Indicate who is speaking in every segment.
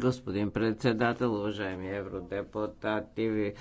Speaker 1: Господин председател, уважаеми евродепутати,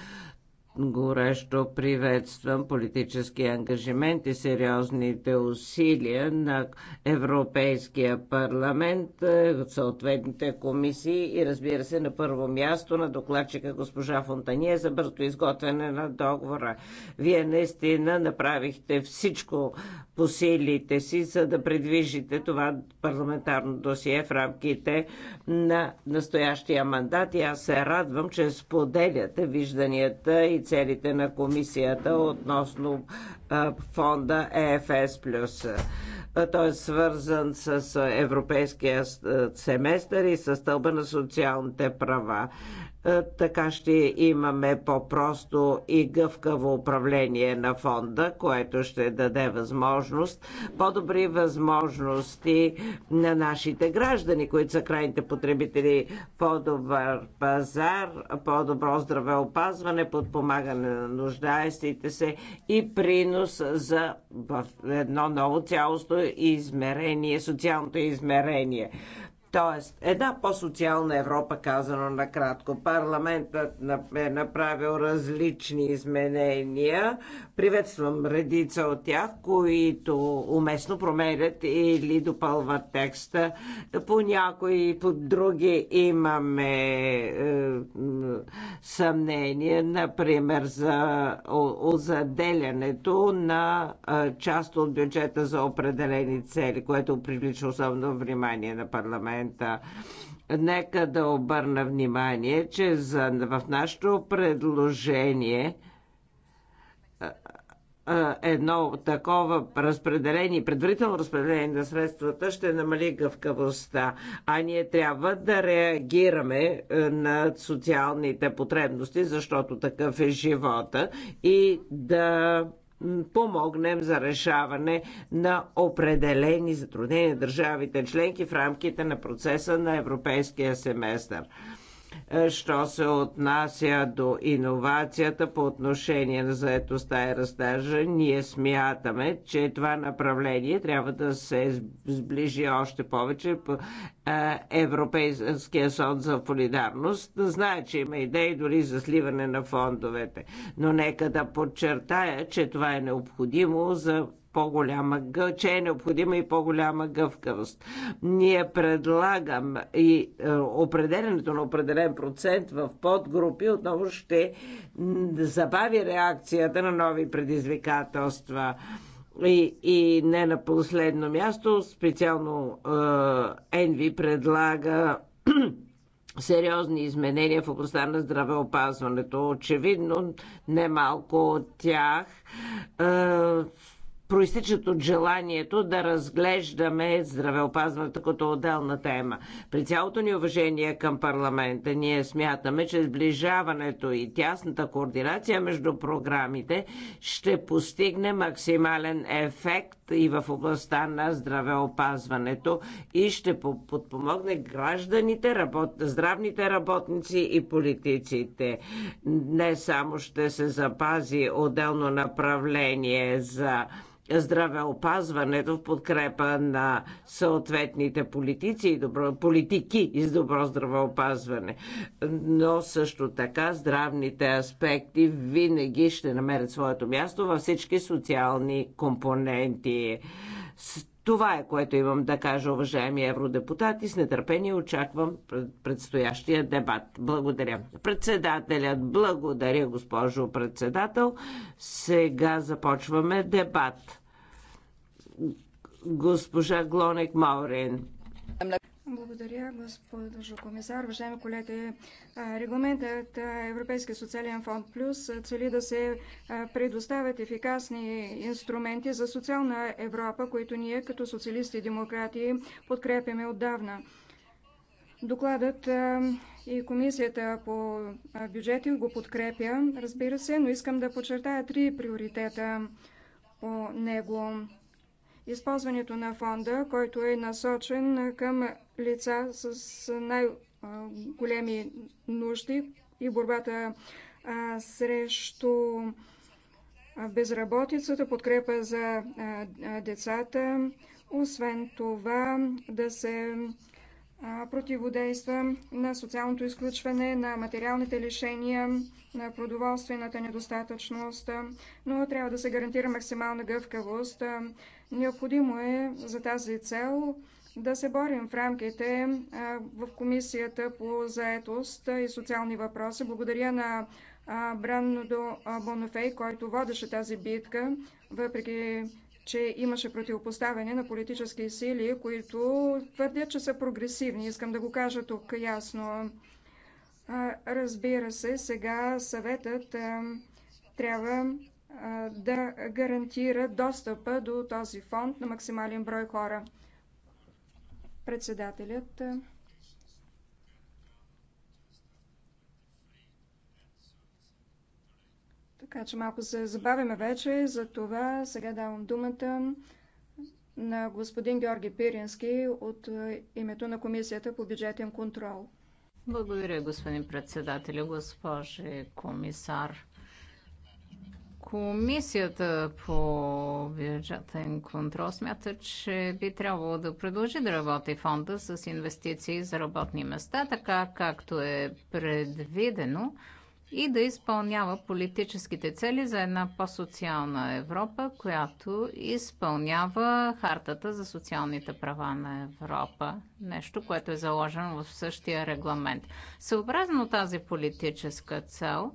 Speaker 1: Горещо приветствам политически ангажимент и сериозните усилия на Европейския парламент, е, съответните комисии и разбира се на първо място на докладчика госпожа Фонтания за бързо изготвяне на договора. Вие наистина направихте всичко по силите си, за да предвижите това парламентарно досие в рамките на настоящия мандат и аз се радвам, че споделяте вижданията и целите на комисията относно фонда ЕФС+. Той е свързан с европейския семестър и с стълба на социалните права. Е, така ще имаме по-просто и гъвкаво управление на фонда, което ще даде възможност, по-добри възможности на нашите граждани, които са крайните потребители, по-добър пазар, по-добро здравеопазване, подпомагане на нуждаещите се и принос за едно ново цялостно измерение, социалното измерение. Тоест, една по-социална Европа, казано накратко. Парламентът е направил различни изменения. Приветствам редица от тях, които уместно променят или допълват текста. По някои, по други имаме е, съмнение, например, за озаделянето на е, част от бюджета за определени цели, което привлича особено внимание на парламент момента. Нека да обърна внимание, че за, в нашето предложение едно такова разпределение, предварително разпределение на средствата ще намали гъвкавостта, а ние трябва да реагираме на социалните потребности, защото такъв е живота и да помогнем за решаване на определени затруднения държавите членки в рамките на процеса на европейския семестър. Е, що се отнася до иновацията по отношение на заетостта и растежа, ние смятаме, че това направление трябва да се сближи още повече по е, Европейския сон за солидарност. Знае, че има идеи дори за сливане на фондовете, но нека да подчертая, че това е необходимо за по-голяма, че е необходима и по-голяма гъвкавост. Ние предлагам и е, определенето на определен процент в подгрупи отново ще забави реакцията на нови предизвикателства. И, и не на последно място, специално е, Енви предлага сериозни изменения в областта на здравеопазването. Очевидно, немалко от тях е, проистичат от желанието да разглеждаме здравеопазването като отделна тема. При цялото ни уважение към парламента, ние смятаме, че сближаването и тясната координация между програмите ще постигне максимален ефект и в областта на здравеопазването и ще подпомогне гражданите, работ... здравните работници и политиците. Не само ще се запази отделно направление за здравеопазването в подкрепа на съответните политици и добро, политики и с добро здравеопазване. Но също така здравните аспекти винаги ще намерят своето място във всички социални компоненти. Това е което имам да кажа, уважаеми евродепутати. С нетърпение очаквам предстоящия дебат. Благодаря. Председателят, благодаря, госпожо председател. Сега започваме дебат госпожа Глонек Маурен.
Speaker 2: Благодаря, госпожо комисар. Уважаеми колеги, регламентът Европейския социален фонд Плюс цели да се предоставят ефикасни инструменти за социална Европа, които ние като социалисти и демократи подкрепяме отдавна. Докладът и комисията по бюджети го подкрепя, разбира се, но искам да подчертая три приоритета по него. Използването на фонда, който е насочен към лица с най-големи нужди и борбата срещу безработицата, подкрепа за децата, освен това да се противодейства на социалното изключване, на материалните лишения, на продоволствената недостатъчност, но трябва да се гарантира максимална гъвкавост. Необходимо е за тази цел да се борим в рамките в Комисията по заетост и социални въпроси. Благодаря на Брандо Бонофей, който водеше тази битка, въпреки че имаше противопоставяне на политически сили, които твърдят, че са прогресивни. Искам да го кажа тук ясно. Разбира се, сега съветът трябва да гарантира достъпа до този фонд на максимален брой хора. Председателят Така че малко се забавяме вече, за това сега давам думата на господин Георги Пирински от е, името на Комисията по бюджетен контрол.
Speaker 3: Благодаря, господин председател, госпожи комисар. Комисията по бюджетен контрол смята, че би трябвало да продължи да работи фонда с инвестиции за работни места, така както е предвидено и да изпълнява политическите цели за една по-социална Европа, която изпълнява хартата за социалните права на Европа. Нещо, което е заложено в същия регламент. Съобразно тази политическа цел,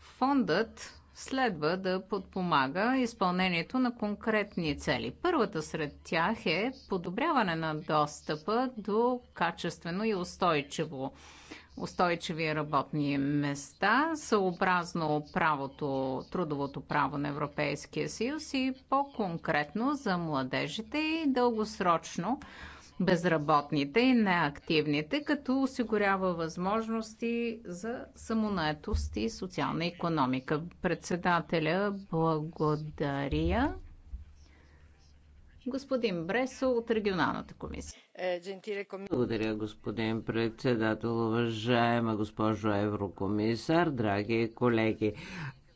Speaker 3: фондът следва да подпомага изпълнението на конкретни цели. Първата сред тях е подобряване на достъпа до качествено и устойчиво устойчиви работни места, съобразно правото, трудовото право на Европейския съюз и по-конкретно за младежите и дългосрочно безработните и неактивните, като осигурява възможности за самонаетост и социална економика. Председателя благодаря господин Бресо от регионалната комисия.
Speaker 2: Е,
Speaker 1: Благодаря, господин председател, уважаема госпожо еврокомисар, драги колеги.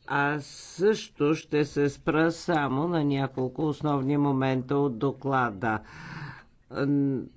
Speaker 1: Аз също ще се спра само на няколко основни момента от доклада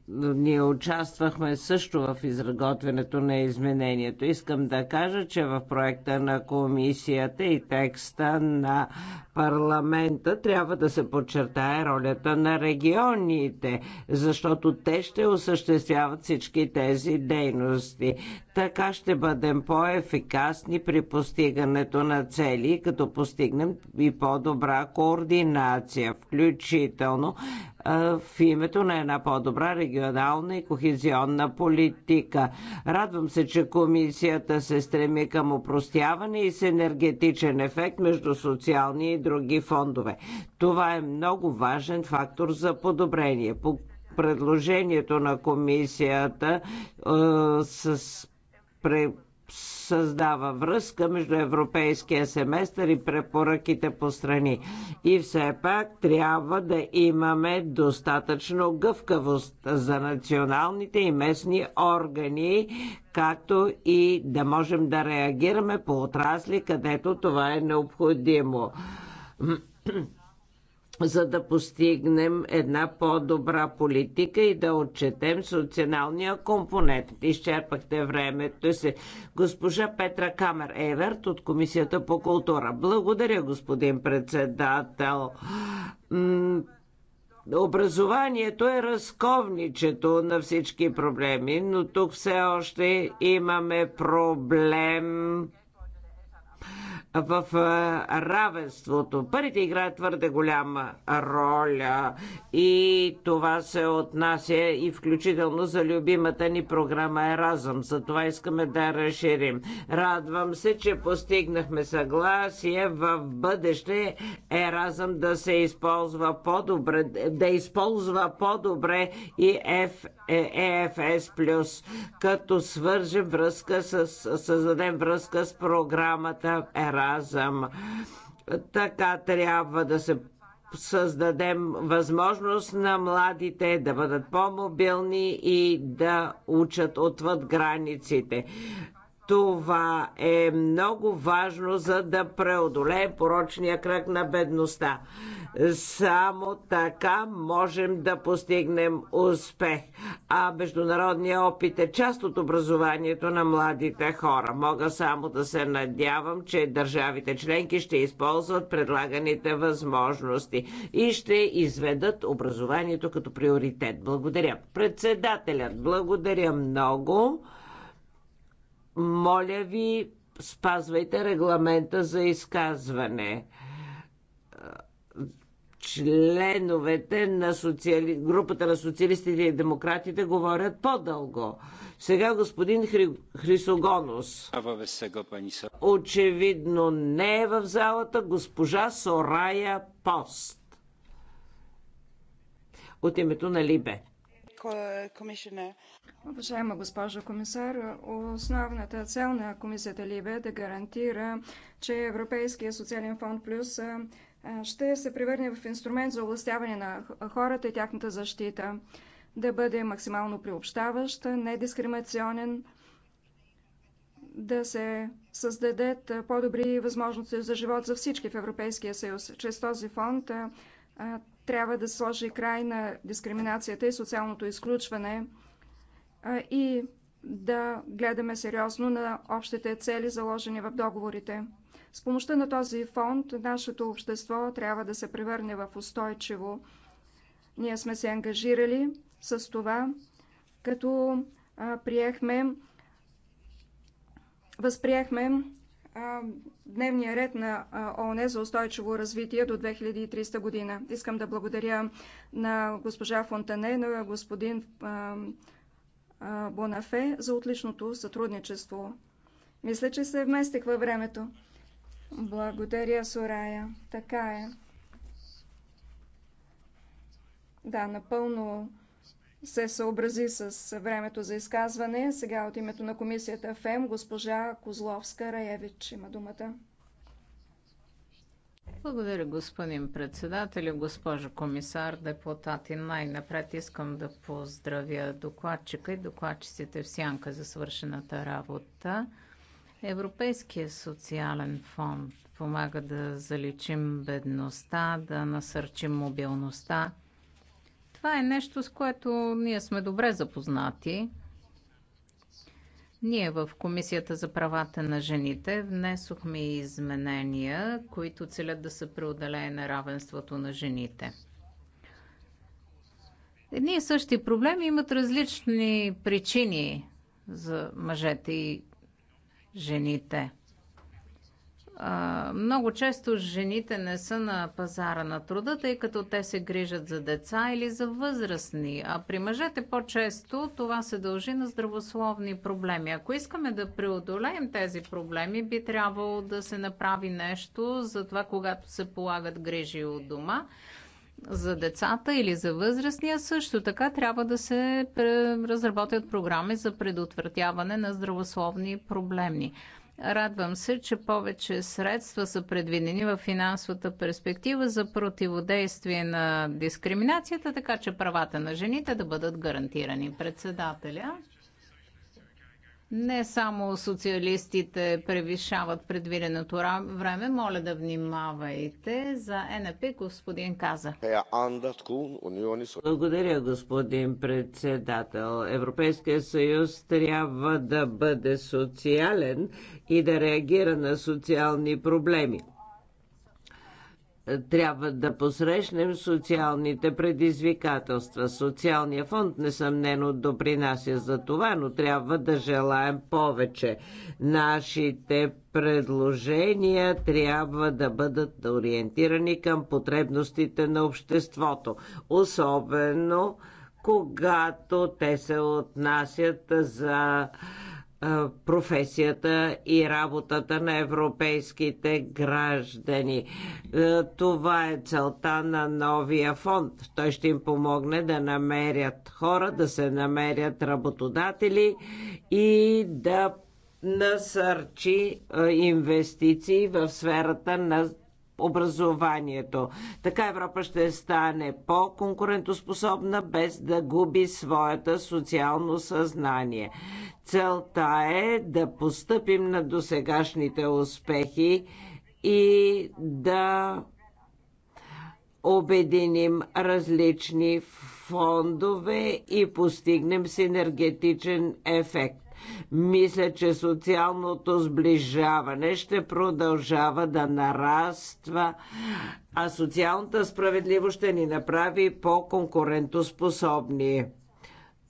Speaker 1: ние участвахме също в изработването на изменението. Искам да кажа, че в проекта на комисията и текста на парламента трябва да се подчертае ролята на регионите, защото те ще осъществяват всички тези дейности. Така ще бъдем по-ефикасни при постигането на цели, като постигнем и по-добра координация, включително в името на една по-добра регионална и кохезионна политика. Радвам се, че комисията се стреми към упростяване и с енергетичен ефект между социални и други фондове. Това е много важен фактор за подобрение. По предложението на комисията с създава връзка между европейския семестър и препоръките по страни. И все пак трябва да имаме достатъчно гъвкавост за националните и местни органи, както и да можем да реагираме по отрасли, където това е необходимо за да постигнем една по-добра политика и да отчетем социалния компонент. Изчерпахте времето си. Госпожа Петра Камер Еверт от Комисията по култура. Благодаря, господин председател. Образованието е разковничето на всички проблеми, но тук все още имаме проблем в е, равенството. Парите играят твърде голяма роля и това се отнася и включително за любимата ни програма Еразъм. За това искаме да разширим. Радвам се, че постигнахме съгласие в бъдеще Еразъм да се използва по-добре, да използва по-добре и F, EFS+, е, като свържем връзка с, създадем връзка с програмата Еразъм спазъм. Така трябва да се създадем възможност на младите да бъдат по-мобилни и да учат отвъд границите. Това е много важно, за да преодолеем порочния кръг на бедността. Само така можем да постигнем успех. А международния опит е част от образованието на младите хора. Мога само да се надявам, че държавите членки ще използват предлаганите възможности и ще изведат образованието като приоритет. Благодаря. Председателят, благодаря много. Моля ви, спазвайте регламента за изказване. Членовете на социали... групата на социалистите и демократите говорят по-дълго. Сега господин Хри... Хрисогонос. Очевидно не е в залата госпожа Сорая Пост. От името на Либе.
Speaker 2: Уважаема госпожо комисар, основната цел на комисията Либе е да гарантира, че Европейския социален фонд плюс ще се превърне в инструмент за областяване на хората и тяхната защита, да бъде максимално приобщаващ, недискриминационен, да се създадат по-добри възможности за живот за всички в Европейския съюз. Чрез този фонд трябва да сложи край на дискриминацията и социалното изключване и да гледаме сериозно на общите цели, заложени в договорите. С помощта на този фонд нашето общество трябва да се превърне в устойчиво. Ние сме се ангажирали с това, като приехме, възприехме дневния ред на ООН за устойчиво развитие до 2300 година. Искам да благодаря на госпожа Фонтане, на господин Бонафе за отличното сътрудничество. Мисля, че се вместих във времето. Благодаря, Сурая. Така е. Да, напълно се съобрази с времето за изказване. Сега от името на комисията ФЕМ госпожа Козловска Раевич има думата.
Speaker 3: Благодаря, господин председател, госпожо комисар, депутати. Най-напред искам да поздравя докладчика и докладчиците в сянка за свършената работа. Европейския социален фонд помага да заличим бедността, да насърчим мобилността това е нещо, с което ние сме добре запознати. Ние в Комисията за правата на жените внесохме изменения, които целят да се преодолее неравенството на жените. Едни и същи проблеми имат различни причини за мъжете и жените много често жените не са на пазара на труда, тъй като те се грижат за деца или за възрастни. А при мъжете по-често това се дължи на здравословни проблеми. Ако искаме да преодолеем тези проблеми, би трябвало да се направи нещо за това, когато се полагат грижи от дома за децата или за възрастния, също така трябва да се разработят програми за предотвратяване на здравословни проблеми. Радвам се, че повече средства са предвидени в финансовата перспектива за противодействие на дискриминацията, така че правата на жените да бъдат гарантирани. Председателя. Не само социалистите превишават предвиденото време. Моля да внимавайте за НП, господин Каза.
Speaker 1: Е, Благодаря, господин председател. Европейския съюз трябва да бъде социален и да реагира на социални проблеми трябва да посрещнем социалните предизвикателства. Социалния фонд несъмнено допринася за това, но трябва да желаем повече. Нашите предложения трябва да бъдат ориентирани към потребностите на обществото, особено когато те се отнасят за професията и работата на европейските граждани. Това е целта на новия фонд. Той ще им помогне да намерят хора, да се намерят работодатели и да насърчи инвестиции в сферата на образованието. Така Европа ще стане по-конкурентоспособна, без да губи своята социално съзнание. Целта е да постъпим на досегашните успехи и да обединим различни фондове и постигнем синергетичен ефект. Мисля, че социалното сближаване ще продължава да нараства, а социалната справедливост ще ни направи по-конкурентоспособни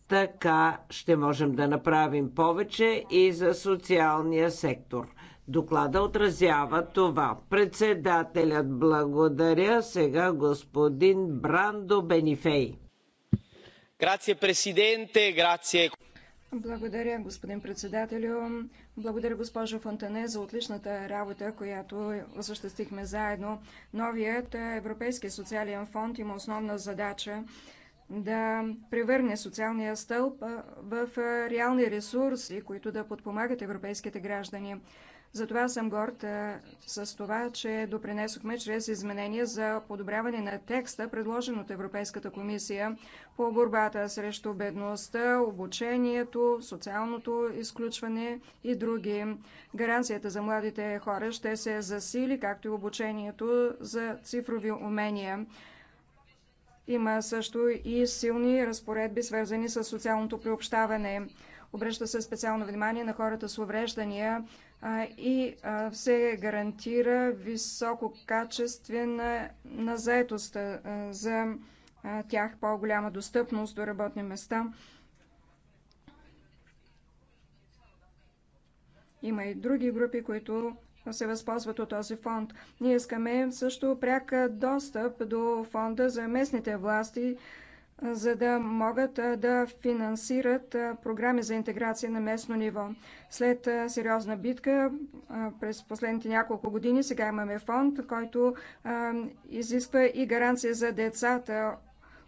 Speaker 1: така ще можем да направим повече и за социалния сектор. Доклада отразява това. Председателят благодаря сега господин Брандо Бенифей. Грация президенте, грация
Speaker 2: благодаря, господин председателю. Благодаря, госпожо Фонтане, за отличната работа, която осъществихме заедно. Новият Европейски социален фонд има основна задача да превърне социалния стълб в реални ресурси, които да подпомагат европейските граждани. Затова съм горд с това, че допринесохме чрез изменения за подобряване на текста, предложен от Европейската комисия по борбата срещу бедността, обучението, социалното изключване и други. Гаранцията за младите хора ще се засили, както и обучението за цифрови умения. Има също и силни разпоредби, свързани с социалното приобщаване. Обръща се специално внимание на хората с увреждания, и се гарантира висококачествена на заетост за тях по-голяма достъпност до работни места. Има и други групи, които се възползват от този фонд. Ние искаме също пряк достъп до фонда за местните власти, за да могат да финансират програми за интеграция на местно ниво. След сериозна битка през последните няколко години сега имаме фонд, който изисква и гаранция за децата,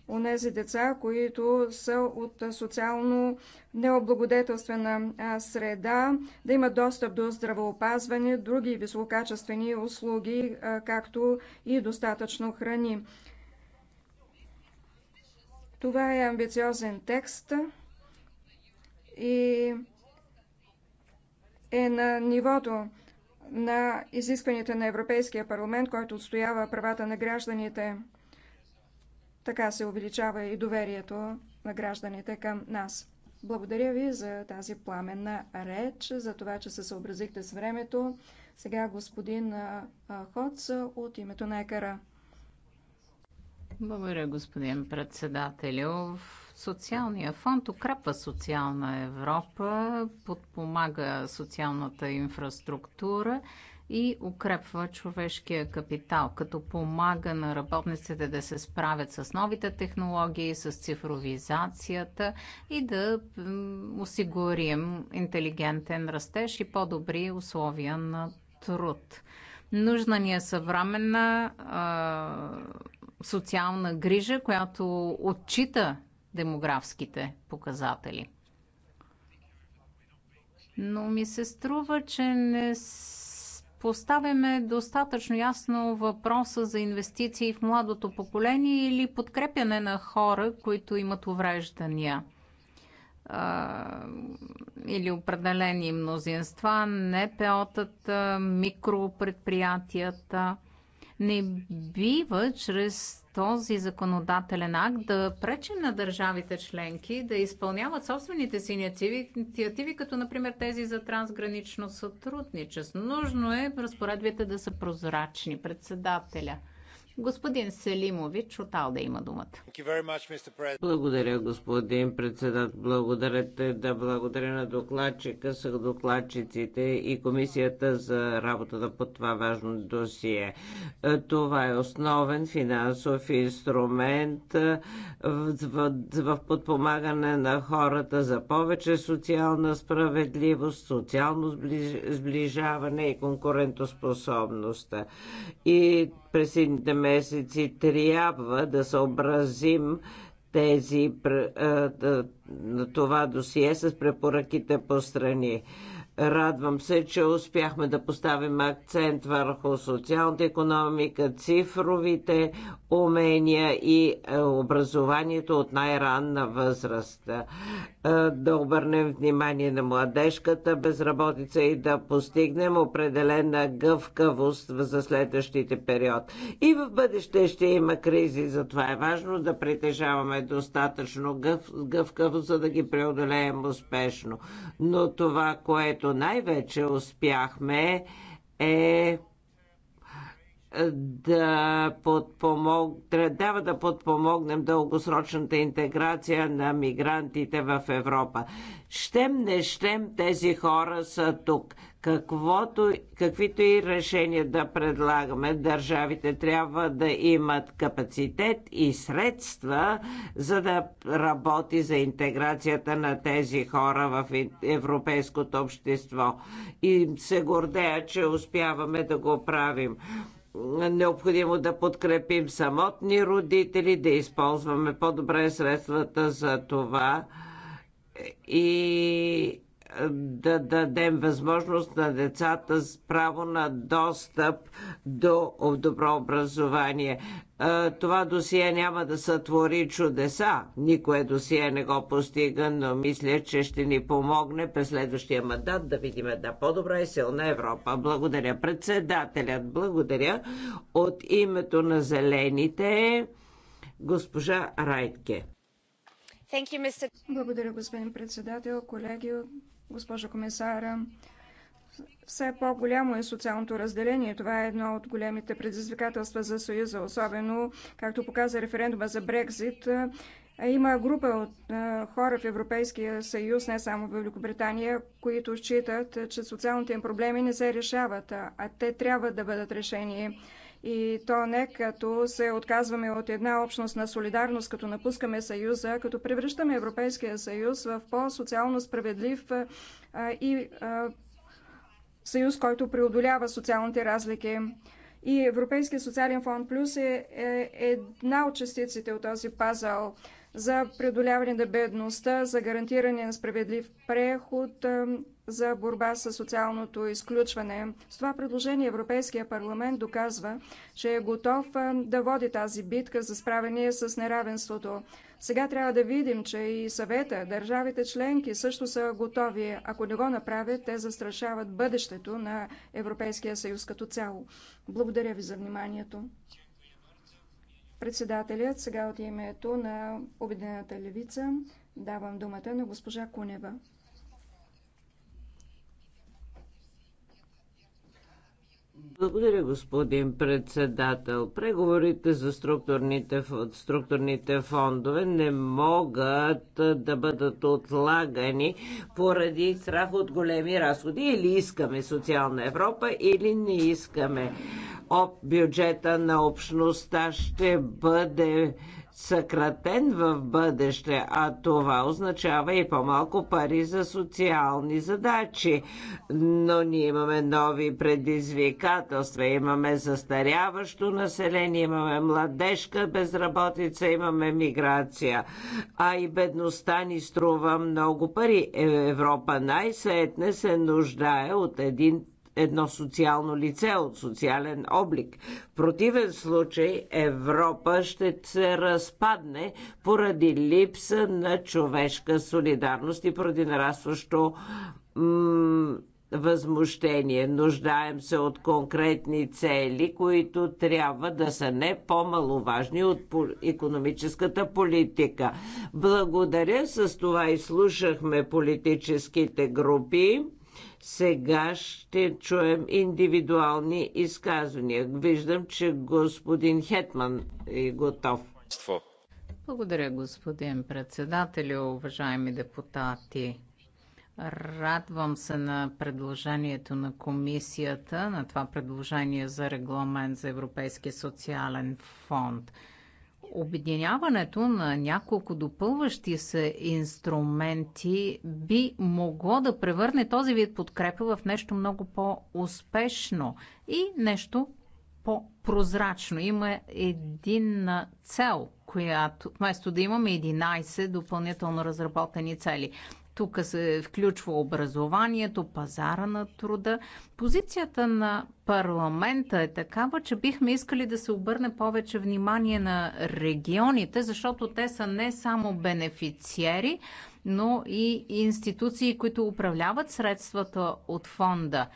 Speaker 2: нези деца, които са от социално необлагодетелствена среда, да имат достъп до здравеопазване, други висококачествени услуги, както и достатъчно храни. Това е амбициозен текст и е на нивото на изискванията на Европейския парламент, който отстоява правата на гражданите. Така се увеличава и доверието на гражданите към нас. Благодаря ви за тази пламенна реч, за това, че се съобразихте с времето. Сега господин Хоц от името на Екара.
Speaker 3: Благодаря, господин председателю. Социалния фонд укрепва социална Европа, подпомага социалната инфраструктура и укрепва човешкия капитал, като помага на работниците да се справят с новите технологии, с цифровизацията и да осигурим интелигентен растеж и по-добри условия на труд. Нужна ни е съвременна социална грижа, която отчита демографските показатели. Но ми се струва, че не поставяме достатъчно ясно въпроса за инвестиции в младото поколение или подкрепяне на хора, които имат увреждания или определени мнозинства, НПО-тата, микропредприятията. Не бива чрез този законодателен акт да пречим на държавите членки да изпълняват собствените си инициативи, като например тези за трансгранично сътрудничество. Нужно е разпоредбите да са прозрачни. Председателя. Господин Селимович от Алда има думата.
Speaker 1: Благодаря, господин председател. Благодаря да благодаря на докладчика, са докладчиците и комисията за работата по това важно досие. Е, това е основен финансов инструмент е, в, в, в подпомагане на хората за повече социална справедливост, социално сближаване и конкурентоспособност. И през едните месеци трябва да съобразим тези, е, е, това досие с препоръките по страни. Радвам се, че успяхме да поставим акцент върху социалната економика, цифровите умения и е, образованието от най-ранна възраст. Е, да обърнем внимание на младежката безработица и да постигнем определена гъвкавост за следващите период. И в бъдеще ще има кризи, затова е важно да притежаваме достатъчно гъв, гъвкавост, за да ги преодолеем успешно. Но това, което което най-вече успяхме е да, подпомог... трябва да подпомогнем дългосрочната интеграция на мигрантите в Европа. Щем не щем, тези хора са тук. Каквото, каквито и решения да предлагаме, държавите трябва да имат капацитет и средства, за да работи за интеграцията на тези хора в европейското общество. И се гордея, че успяваме да го правим необходимо да подкрепим самотни родители, да използваме по-добре средствата за това и да дадем възможност на децата с право на достъп до добро образование. Това досие няма да сътвори чудеса. Никое досие не го постига, но мисля, че ще ни помогне през следващия мандат да видим една по-добра и силна Европа. Благодаря председателят. Благодаря от името на зелените госпожа Райтке.
Speaker 2: Благодаря, господин председател, колеги госпожо комисара. Все по-голямо е социалното разделение. Това е едно от големите предизвикателства за Съюза, особено, както показа референдума за Брекзит. Има група от хора в Европейския съюз, не само в Великобритания, които считат, че социалните им проблеми не се решават, а те трябва да бъдат решени. И то не като се отказваме от една общност на солидарност, като напускаме Съюза, като превръщаме Европейския съюз в по-социално справедлив и съюз, който преодолява социалните разлики. И Европейския социален фонд Плюс е, е една от частиците от този пазъл за преодоляване на бедността, за гарантиране на справедлив преход, за борба с социалното изключване. С това предложение Европейския парламент доказва, че е готов да води тази битка за справение с неравенството. Сега трябва да видим, че и съвета, държавите членки също са готови. Ако не го направят, те застрашават бъдещето на Европейския съюз като цяло. Благодаря ви за вниманието. Председателят сега от името на Обединената левица давам думата на госпожа Кунева.
Speaker 1: Благодаря, господин председател. Преговорите за структурните, структурните фондове не могат да бъдат отлагани поради страх от големи разходи. Или искаме социална Европа, или не искаме. Бюджета на общността ще бъде съкратен в бъдеще, а това означава и по-малко пари за социални задачи. Но ние имаме нови предизвикателства, имаме застаряващо население, имаме младежка безработица, имаме миграция, а и бедността ни струва много пари. Европа най-сетне се нуждае от един едно социално лице от социален облик. В противен случай Европа ще се разпадне поради липса на човешка солидарност и поради нарастващо възмущение. Нуждаем се от конкретни цели, които трябва да са не по-маловажни от економическата политика. Благодаря. С това изслушахме политическите групи. Сега ще чуем индивидуални изказвания. Виждам, че господин Хетман е готов.
Speaker 3: Благодаря, господин председател, уважаеми депутати. Радвам се на предложението на комисията, на това предложение за регламент за Европейския социален фонд. Обединяването на няколко допълващи се инструменти би могло да превърне този вид подкрепа в нещо много по-успешно и нещо по-прозрачно. Има единна цел, която вместо да имаме 11 допълнително разработени цели. Тук се включва образованието, пазара на труда. Позицията на парламента е такава, че бихме искали да се обърне повече внимание на регионите, защото те са не само бенефициери, но и институции, които управляват средствата от фонда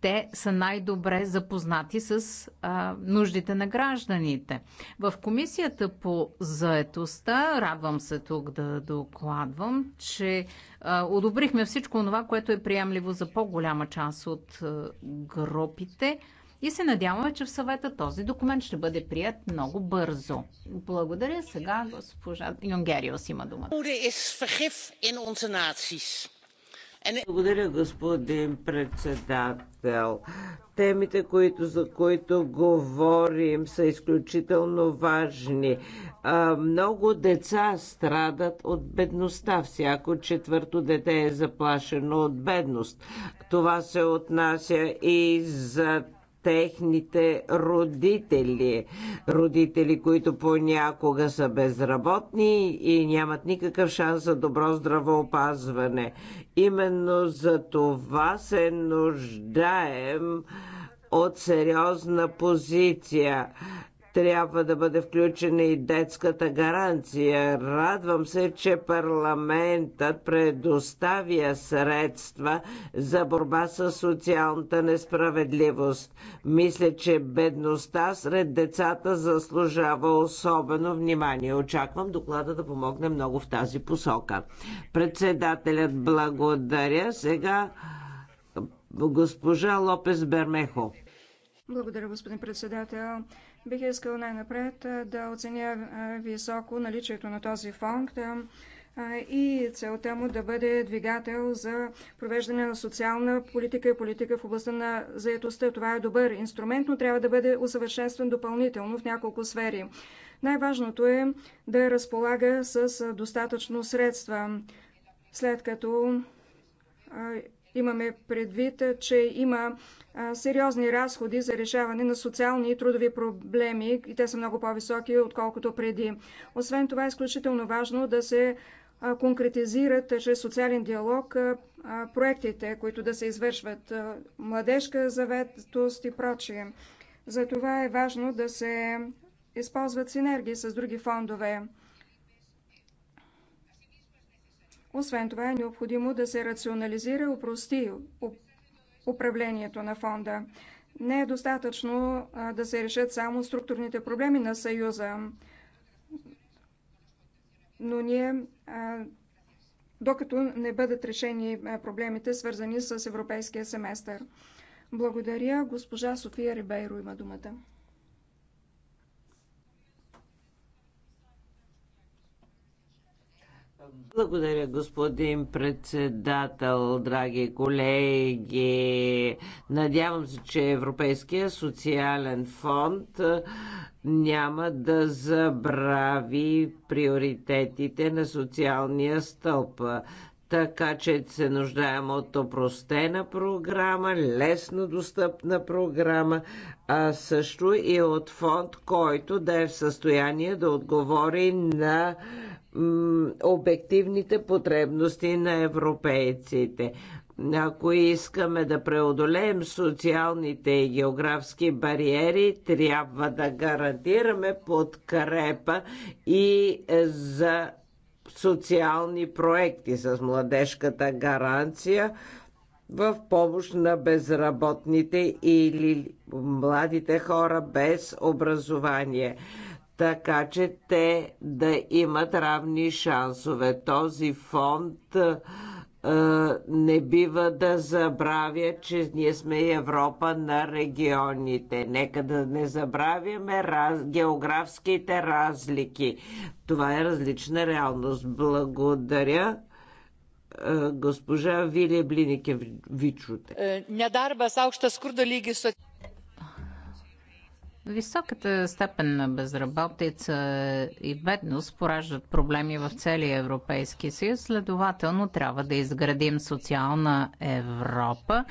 Speaker 3: те са най-добре запознати с а, нуждите на гражданите. В комисията по заетостта, радвам се тук да докладвам, че а, одобрихме всичко това, което е приемливо за по-голяма част от а, групите. И се надяваме, че в съвета този документ ще бъде прият много бързо. Благодаря. Сега госпожа Юнгериос има думата.
Speaker 1: in onze naties. Благодаря, господин председател. Темите, които, за които говорим, са изключително важни. А, много деца страдат от бедността. Всяко четвърто дете е заплашено от бедност. Това се отнася и за техните родители. Родители, които понякога са безработни и нямат никакъв шанс за добро здравоопазване. Именно за това се нуждаем от сериозна позиция трябва да бъде включена и детската гаранция. Радвам се, че парламентът предоставя средства за борба с социалната несправедливост. Мисля, че бедността сред децата заслужава особено внимание. Очаквам доклада да помогне много в тази посока. Председателят благодаря. Сега госпожа Лопес Бермехо.
Speaker 2: Благодаря, господин председател. Бих искал най-напред да оценя високо наличието на този фонд и целта му да бъде двигател за провеждане на социална политика и политика в областта на заетостта. Това е добър инструмент, но трябва да бъде усъвършенстван допълнително в няколко сфери. Най-важното е да разполага с достатъчно средства, след като Имаме предвид, че има сериозни разходи за решаване на социални и трудови проблеми и те са много по-високи, отколкото преди. Освен това е изключително важно да се конкретизират чрез социален диалог проектите, които да се извършват младежка заветост и прочие. Затова е важно да се използват синергии с други фондове. Освен това е необходимо да се рационализира и упрости управлението на фонда. Не е достатъчно да се решат само структурните проблеми на Съюза, но ние, докато не бъдат решени проблемите, свързани с европейския семестър. Благодаря. Госпожа София Рибейро има думата.
Speaker 1: Благодаря, господин председател, драги колеги. Надявам се, че Европейския социален фонд няма да забрави приоритетите на социалния стълб така че се нуждаем от опростена програма, лесно достъпна програма, а също и от фонд, който да е в състояние да отговори на обективните потребности на европейците. Ако искаме да преодолеем социалните и географски бариери, трябва да гарантираме подкрепа и е, за социални проекти с младежката гаранция в помощ на безработните или младите хора без образование така че те да имат равни шансове. Този фонд не бива да забравя, че ние сме Европа на регионите. Нека да не забравяме раз... географските разлики. Това е различна реалност. Благодаря госпожа Вилия Блиникевичуте.
Speaker 3: Е, Недарбas скурда лиги са... Високата степен на безработица и бедност пораждат проблеми в целия Европейски съюз. Следователно, трябва да изградим социална Европа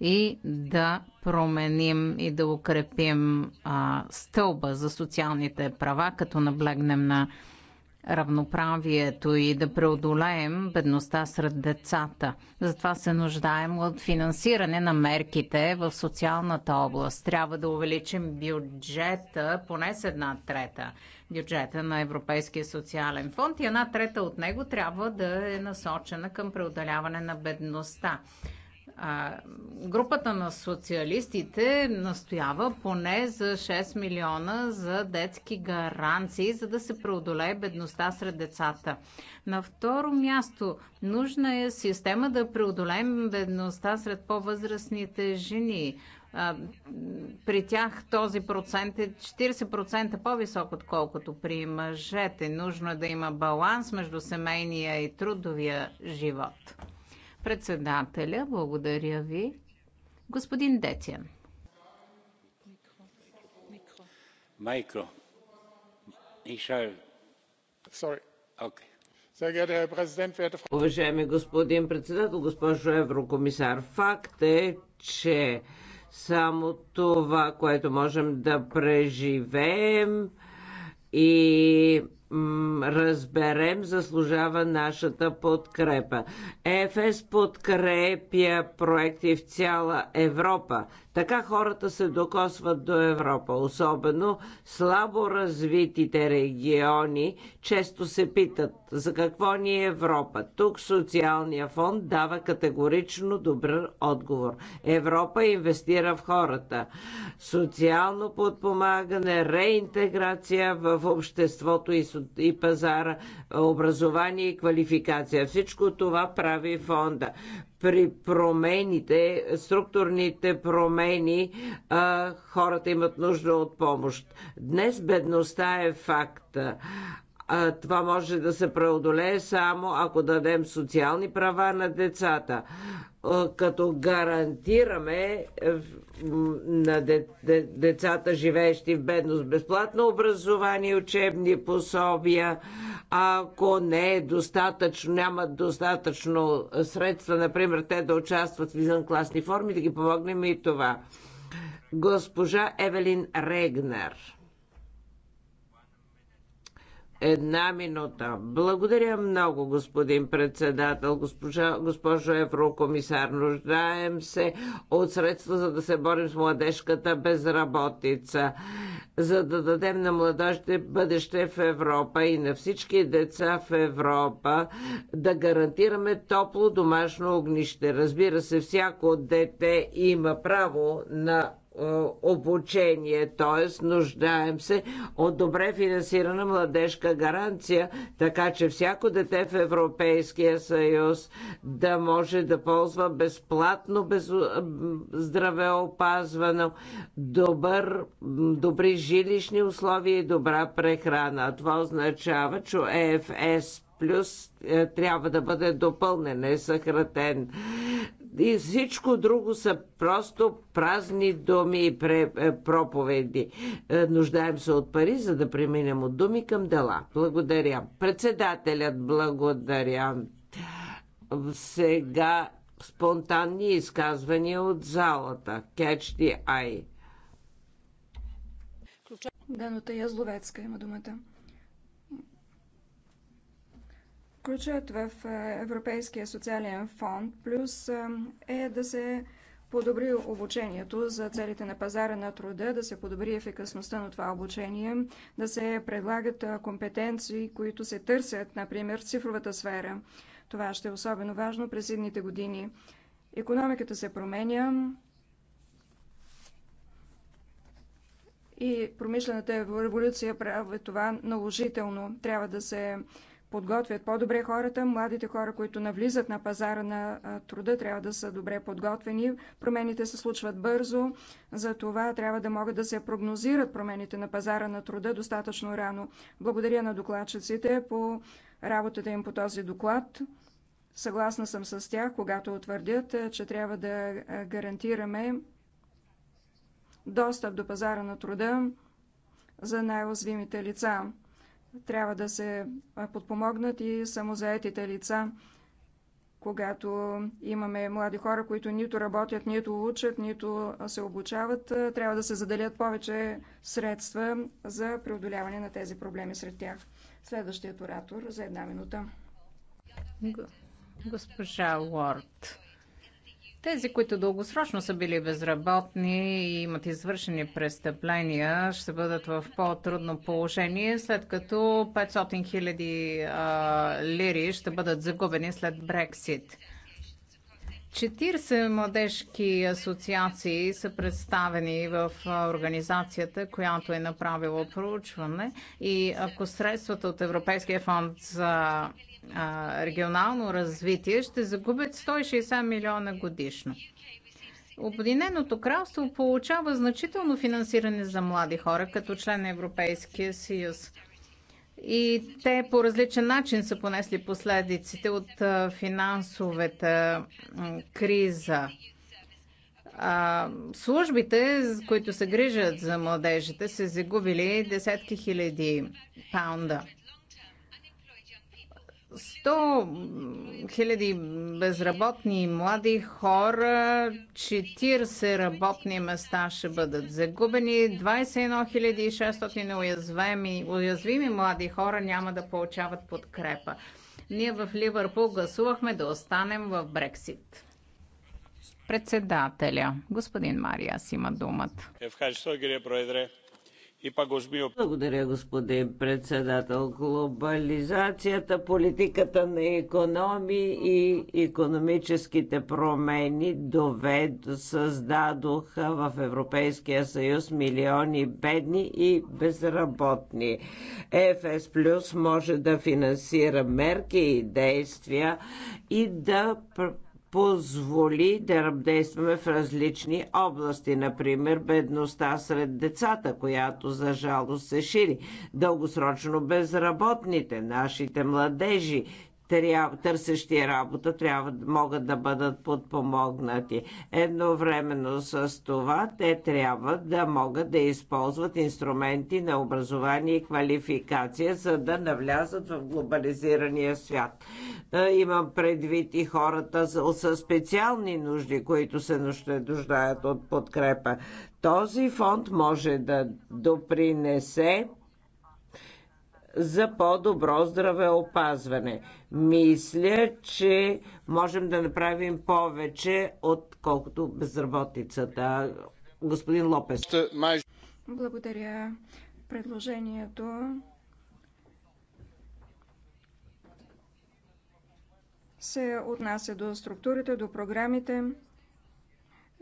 Speaker 3: и да променим и да укрепим а, стълба за социалните права, като наблегнем на равноправието и да преодолеем бедността сред децата. Затова се нуждаем от финансиране на мерките в социалната област. Трябва да увеличим бюджета поне с една трета. Бюджета на Европейския социален фонд и една трета от него трябва да е насочена към преодоляване на бедността. А, групата на социалистите настоява поне за 6 милиона за детски гаранции, за да се преодолее бедността сред децата. На второ място, нужна е система да преодолеем бедността сред по-възрастните жени. А, при тях този процент е 40% по-висок, отколкото при мъжете. Нужно е да има баланс между семейния и трудовия живот. Председателя, благодаря ви. Господин Детян. Майкро.
Speaker 1: Уважаеми господин председател, госпожо еврокомисар, факт е, че само това, което можем да преживеем и разберем, заслужава нашата подкрепа. ЕФС подкрепя проекти в цяла Европа така хората се докосват до Европа, особено слабо развитите региони често се питат за какво ни е Европа. Тук социалния фонд дава категорично добър отговор. Европа инвестира в хората. Социално подпомагане, реинтеграция в обществото и пазара, образование и квалификация. Всичко това прави фонда при промените, структурните промени, а, хората имат нужда от помощ. Днес бедността е факт. А, това може да се преодолее само ако дадем социални права на децата, а, като гарантираме на децата, живеещи в бедност, безплатно образование, учебни пособия, ако не е достатъчно, нямат достатъчно средства, например, те да участват в извънкласни форми, да ги помогнем и това. Госпожа Евелин Регнер. Една минута. Благодаря много, господин председател, госпожа, госпожо еврокомисар. Нуждаем се от средства, за да се борим с младежката безработица, за да дадем на младежите бъдеще в Европа и на всички деца в Европа да гарантираме топло домашно огнище. Разбира се, всяко дете има право на е, обучение, т.е. нуждаем се от добре финансирана младежка гаранция, така че всяко дете в Европейския съюз да може да ползва безплатно без... Е, здравеопазване, добър, добри жилищни условия и добра прехрана. Това означава, че ЕФС плюс е, трябва да бъде допълнен, е съкратен. И всичко друго са просто празни думи и пре, е, проповеди. Е, нуждаем се от пари, за да преминем от думи към дела. Благодаря. Председателят, благодаря. Сега спонтанни изказвания от залата. Catch the eye.
Speaker 2: Данута Язловецка има думата. включат в е, Европейския социален фонд, плюс е, е да се подобри обучението за целите на пазара на труда, да се подобри ефикасността на това обучение, да се предлагат е, компетенции, които се търсят, например, в цифровата сфера. Това ще е особено важно през едните години. Економиката се променя и промишлената революция прави това наложително. Трябва да се подготвят по-добре хората. Младите хора, които навлизат на пазара на труда, трябва да са добре подготвени. Промените се случват бързо, за това трябва да могат да се прогнозират промените на пазара на труда достатъчно рано. Благодаря на докладчиците по работата им по този доклад. Съгласна съм с тях, когато утвърдят, че трябва да гарантираме достъп до пазара на труда за най-уязвимите лица. Трябва да се подпомогнат и самозаетите лица, когато имаме млади хора, които нито работят, нито учат, нито се обучават, трябва да се заделят повече средства за преодоляване на тези проблеми сред тях. Следващият оратор за една минута.
Speaker 3: Госпожа Уорд. Тези, които дългосрочно са били безработни и имат извършени престъпления, ще бъдат в по-трудно положение, след като 500 хиляди лири ще бъдат загубени след Брексит. 40 младежки асоциации са представени в организацията, която е направила проучване и ако средствата от Европейския фонд за регионално развитие ще загубят 160 милиона годишно. Обединеното кралство получава значително финансиране за млади хора като член на Европейския съюз. И те по различен начин са понесли последиците от финансовата криза. А, службите, които се грижат за младежите, са загубили десетки хиляди паунда. 100 хиляди безработни млади хора, 40 работни места ще бъдат загубени, 21 600 уязвими, уязвими млади хора няма да получават подкрепа. Ние в Ливърпул гласувахме да останем в Брексит. Председателя, господин Мария, има думата. Евхаристо, проедре
Speaker 1: и Благодаря, господин председател. Глобализацията, политиката на економии и економическите промени довед, създадоха в Европейския съюз милиони бедни и безработни. ЕФС Плюс може да финансира мерки и действия и да позволи да действаме в различни области, например бедността сред децата, която за жалост се шири, дългосрочно безработните, нашите младежи, трябва, търсещи работа трябва да могат да бъдат подпомогнати. Едновременно с това те трябва да могат да използват инструменти на образование и квалификация, за да навлязат в глобализирания свят. Е, имам предвид и хората с специални нужди, които се нуждаят от подкрепа. Този фонд може да допринесе за по-добро здравеопазване. Мисля, че можем да направим повече, отколкото безработицата. Господин Лопес.
Speaker 2: Благодаря. Предложението се отнася до структурите, до програмите.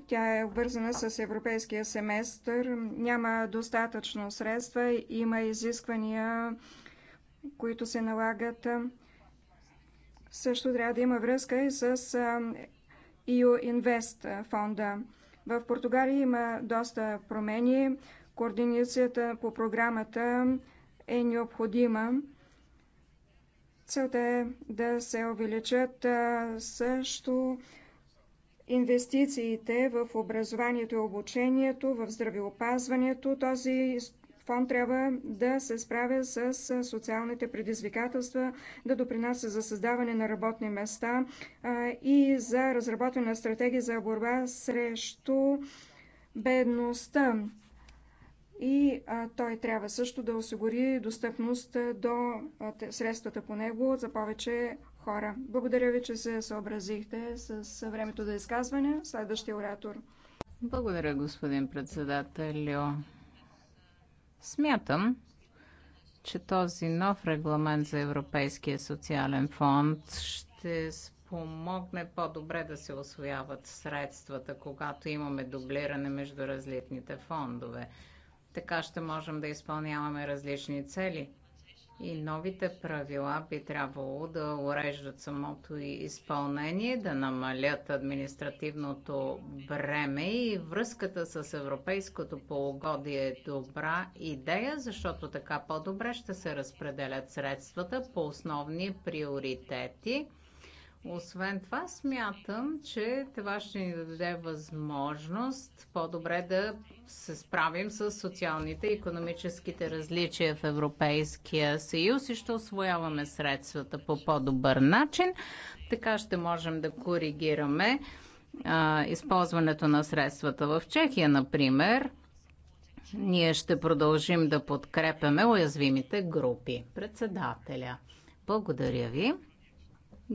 Speaker 2: Тя е обвързана с европейския семестър. Няма достатъчно средства, има изисквания, които се налагат. Също трябва да има връзка и с EU Invest фонда. В Португалия има доста промени. Координацията по програмата е необходима. Целта е да се увеличат също инвестициите в образованието и обучението, в здравеопазването. Този фонд трябва да се справя с социалните предизвикателства, да допринася за създаване на работни места и за разработване на стратегии за борба срещу бедността. И а, той трябва също да осигури достъпност до а, средствата по него за повече хора. Благодаря ви, че се съобразихте с времето за изказване. Следващия оратор.
Speaker 3: Благодаря, господин председател. Смятам, че този нов регламент за Европейския социален фонд ще спомогне по-добре да се освояват средствата, когато имаме дублиране между различните фондове. Така ще можем да изпълняваме различни цели – и новите правила би трябвало да уреждат самото и изпълнение, да намалят административното бреме и връзката с европейското полугодие е добра идея, защото така по-добре ще се разпределят средствата по основни приоритети – освен това, смятам, че това ще ни даде възможност по-добре да се справим с социалните и економическите различия в Европейския съюз и ще освояваме средствата по по-добър начин. Така ще можем да коригираме а, използването на средствата в Чехия, например. Ние ще продължим да подкрепяме уязвимите групи. Председателя. Благодаря ви.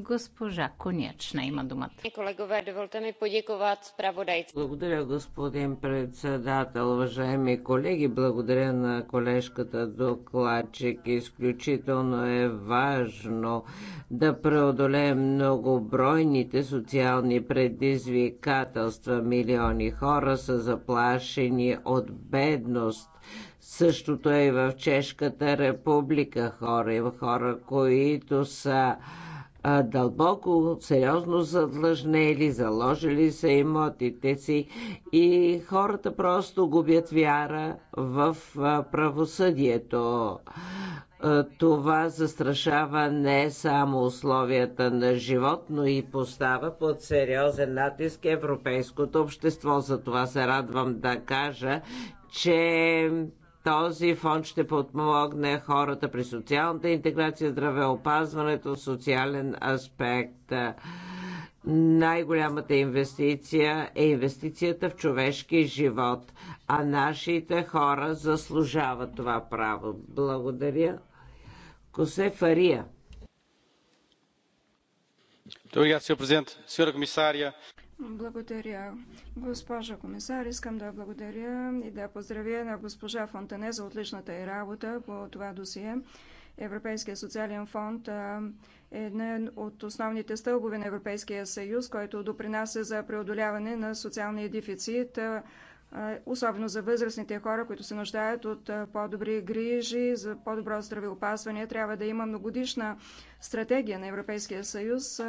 Speaker 3: Госпожа Конячна има думата.
Speaker 1: Колегове, доволте ми подяковат справодайци. Благодаря, господин председател. Уважаеми колеги, благодаря на колежката докладчик. Изключително е важно да преодолеем многобройните социални предизвикателства. Милиони хора са заплашени от бедност. Същото е и в Чешката република хора, хора, които са а, дълбоко, сериозно задлъжнели, заложили са имотите си и хората просто губят вяра в а, правосъдието. Това застрашава не само условията на живот, но и поставя под сериозен натиск европейското общество. За това се радвам да кажа, че този фонд ще подпомогне хората при социалната интеграция, здравеопазването, социален аспект. Най-голямата инвестиция е инвестицията в човешки живот, а нашите хора заслужават това право. Благодаря. Косе Фария.
Speaker 2: Obrigado, Sr. президент, Sra. комисаря. Благодаря, госпожа комисар. Искам да благодаря и да поздравя на госпожа Фонтане за отличната и работа по това досие. Европейския социален фонд е една от основните стълбове на Европейския съюз, който допринася за преодоляване на социалния дефицит, особено за възрастните хора, които се нуждаят от по-добри грижи, за по-добро здравеопазване. Трябва да има многодишна стратегия на Европейския съюз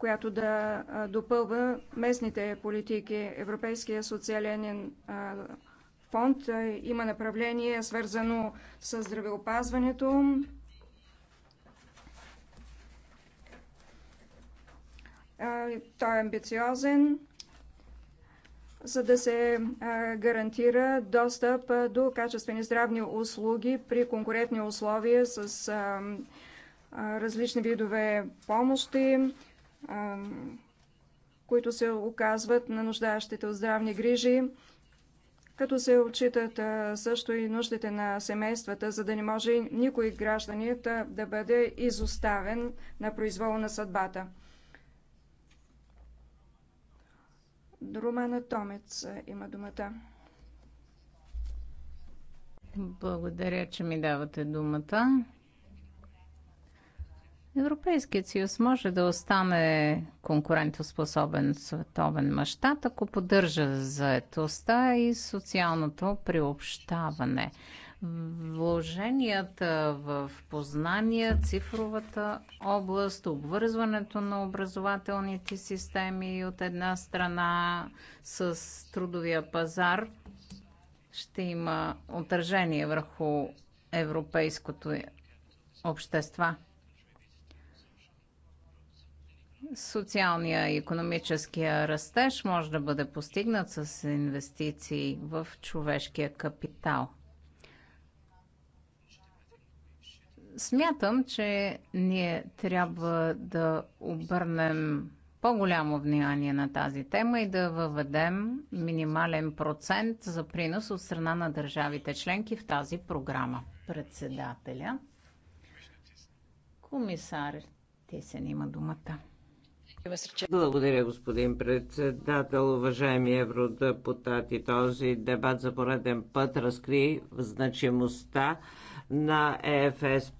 Speaker 2: която да допълва местните политики. Европейския социален фонд има направление свързано с здравеопазването. Той е амбициозен, за да се гарантира достъп до качествени здравни услуги при конкурентни условия с различни видове помощи, които се оказват на нуждаещите от здравни грижи, като се отчитат също и нуждите на семействата, за да не може никой гражданин да бъде изоставен на произвол на съдбата. Романа Томец има думата. Благодаря,
Speaker 3: че ми давате думата. Европейският съюз може да остане конкурентоспособен в световен мащаб, ако поддържа заетостта и социалното приобщаване. Вложенията в познания, цифровата област, обвързването на образователните системи от една страна с трудовия пазар ще има отражение върху европейското общество. Социалния и економическия растеж може да бъде постигнат с инвестиции в човешкия капитал. Смятам, че ние трябва да обърнем по-голямо внимание на тази тема и да въведем минимален процент за принос от страна на държавите членки в тази програма. Председателя. Комисар Тесен има думата.
Speaker 1: Благодаря, господин председател. Уважаеми евродепутати, този дебат за пореден път разкри значимостта на ЕФС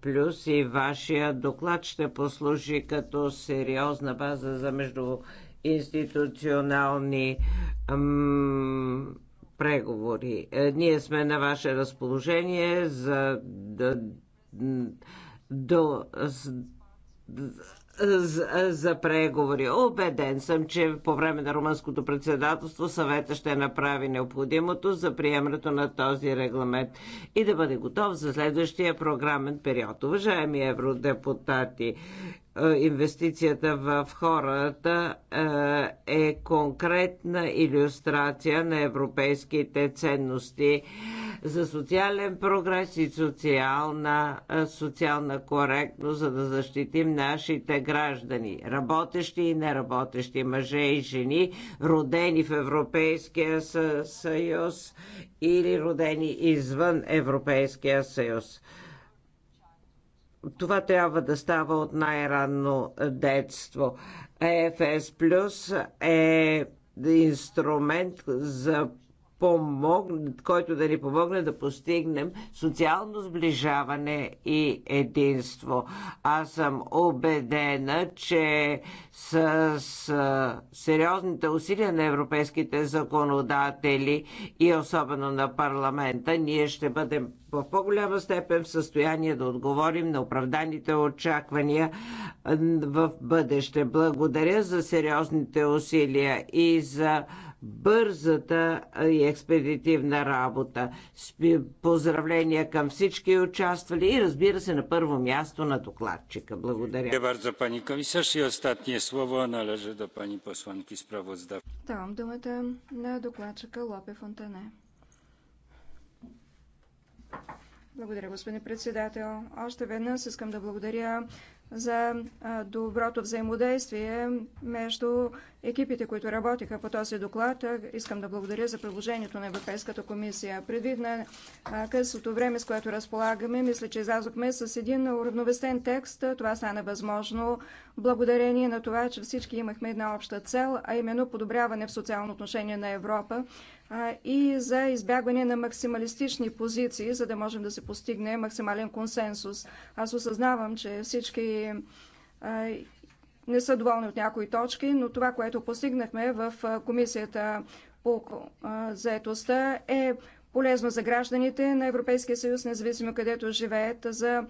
Speaker 1: Плюс и вашия доклад ще послужи като сериозна база за междуинституционални преговори. Е, ние сме на ваше разположение за да, да за, преговори. Обеден съм, че по време на румънското председателство съвета ще направи необходимото за приемането на този регламент и да бъде готов за следващия програмен период. Уважаеми евродепутати, е, инвестицията в хората е, е конкретна иллюстрация на европейските ценности за социален прогрес и социална, е, социална коректност, за да защитим нашите граждани, работещи и неработещи, мъже и жени, родени в Европейския съюз или родени извън Европейския съюз това трябва да става от най-ранно детство. Е ЕФС Плюс е инструмент за помогне, който да ни помогне да постигнем социално сближаване и единство. Аз съм убедена, че с, с сериозните усилия на европейските законодатели и особено на парламента, ние ще бъдем в по-голяма степен в състояние да отговорим на оправданите очаквания в бъдеще. Благодаря за сериозните усилия и за бързата и експедитивна работа. Поздравления към всички участвали и разбира се на първо място на докладчика. Благодаря. bardzo
Speaker 3: pani komisarz i ostatnie słowo należy do pani posłanki sprawozdawcy.
Speaker 2: Давам думата на докладчика Лопе Фонтане. Благодаря, господин председател. Още веднъж искам да благодаря за доброто взаимодействие между екипите, които работиха по този доклад. Искам да благодаря за предложението на Европейската комисия. Предвид на късото време, с което разполагаме, мисля, че излязохме с един уравновесен текст. Това стана възможно благодарение на това, че всички имахме една обща цел, а именно подобряване в социално отношение на Европа и за избягване на максималистични позиции, за да можем да се постигне максимален консенсус. Аз осъзнавам, че всички не са доволни от някои точки, но това, което постигнахме в комисията по заедостта е полезно за гражданите на Европейския съюз, независимо където живеят, за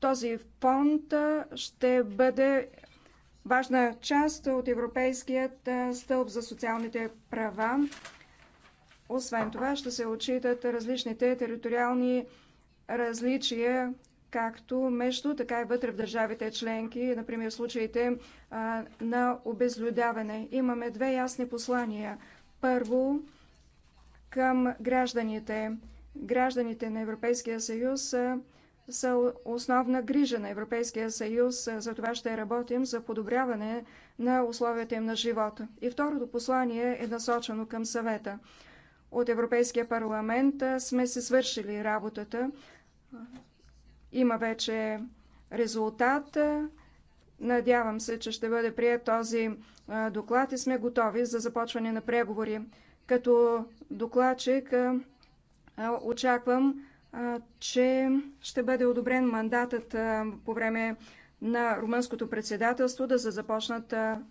Speaker 2: този фонд ще бъде важна част от Европейският стълб за социалните права. Освен това ще се отчитат различните териториални различия, както между, така и вътре в държавите членки, например случаите а, на обезлюдяване. Имаме две ясни послания. Първо, към гражданите. Гражданите на Европейския съюз а, са основна грижа на Европейския съюз. За това ще работим за подобряване на условията им на живота. И второто послание е насочено към съвета. От Европейския парламент сме се свършили работата. Има вече резултат. Надявам се, че ще бъде прият този доклад и сме готови за започване на преговори. Като докладчик очаквам че ще бъде одобрен мандатът по време на румънското председателство да се започнат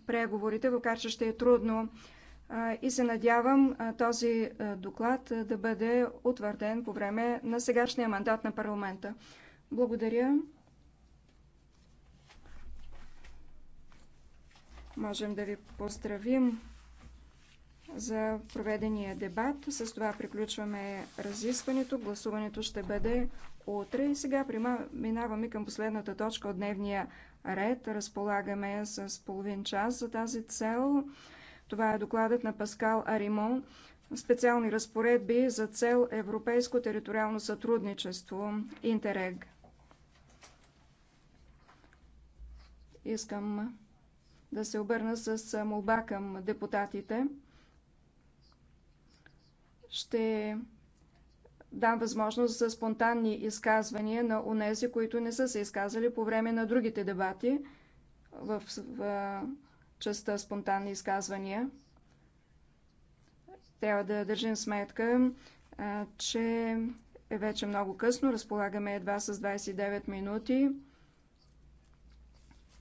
Speaker 2: преговорите, въпреки че ще е трудно. И се надявам този доклад да бъде утвърден по време на сегашния мандат на парламента. Благодаря. Можем да ви поздравим за проведения дебат. С това приключваме разискването. Гласуването ще бъде утре. И сега минаваме към последната точка от дневния ред. Разполагаме с половин час за тази цел. Това е докладът на Паскал Аримон. Специални разпоредби за цел Европейско териториално сътрудничество. Интерег. Искам да се обърна с молба към депутатите ще дам възможност за спонтанни изказвания на унези, които не са се изказали по време на другите дебати в, в частта спонтанни изказвания. Трябва да държим сметка, че е вече много късно. Разполагаме едва с 29 минути.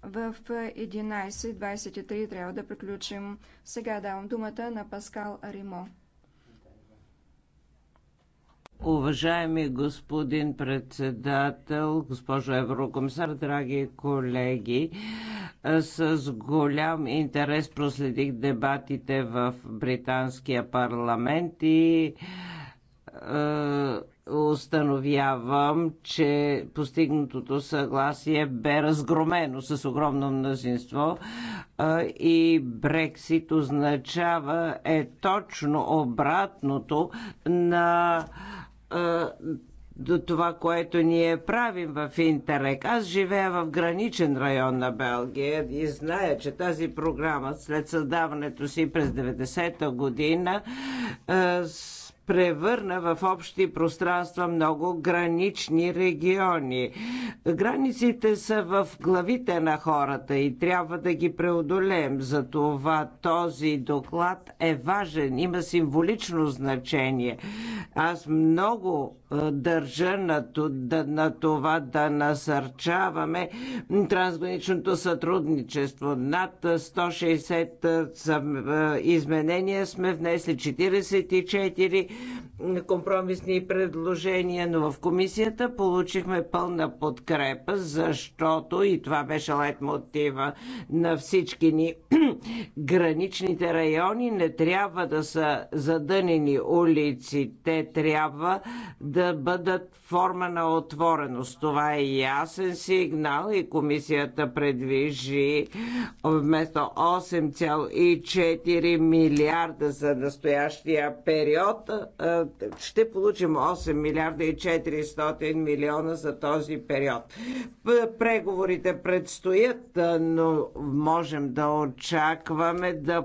Speaker 2: В 11.23 трябва да приключим. Сега давам думата на Паскал Римо.
Speaker 1: Уважаеми господин председател, госпожо Еврокомисар, драги колеги, с голям интерес проследих дебатите в британския парламент и е, установявам, че постигнатото съгласие бе разгромено с огромно мнозинство е, и Брексит означава е точно обратното на е, до това, което ние правим в Интерек. Аз живея в граничен район на Белгия и зная, че тази програма след създаването си през 90-та година превърна в общи пространства много гранични региони. Границите са в главите на хората и трябва да ги преодолеем. Затова този доклад е важен, има символично значение. Аз много е, държа на, да, на това да насърчаваме трансграничното сътрудничество. Над 160 е, е, изменения сме внесли 44 компромисни предложения, но в комисията получихме пълна подкрепа, защото и това беше лайт мотива на всички ни граничните райони не трябва да са задънени улици. Те трябва да да бъдат форма на отвореност. Това е ясен сигнал и комисията предвижи вместо 8,4 милиарда за настоящия период, ще получим 8 милиарда и 400 милиона за този период. Преговорите предстоят, но можем да очакваме да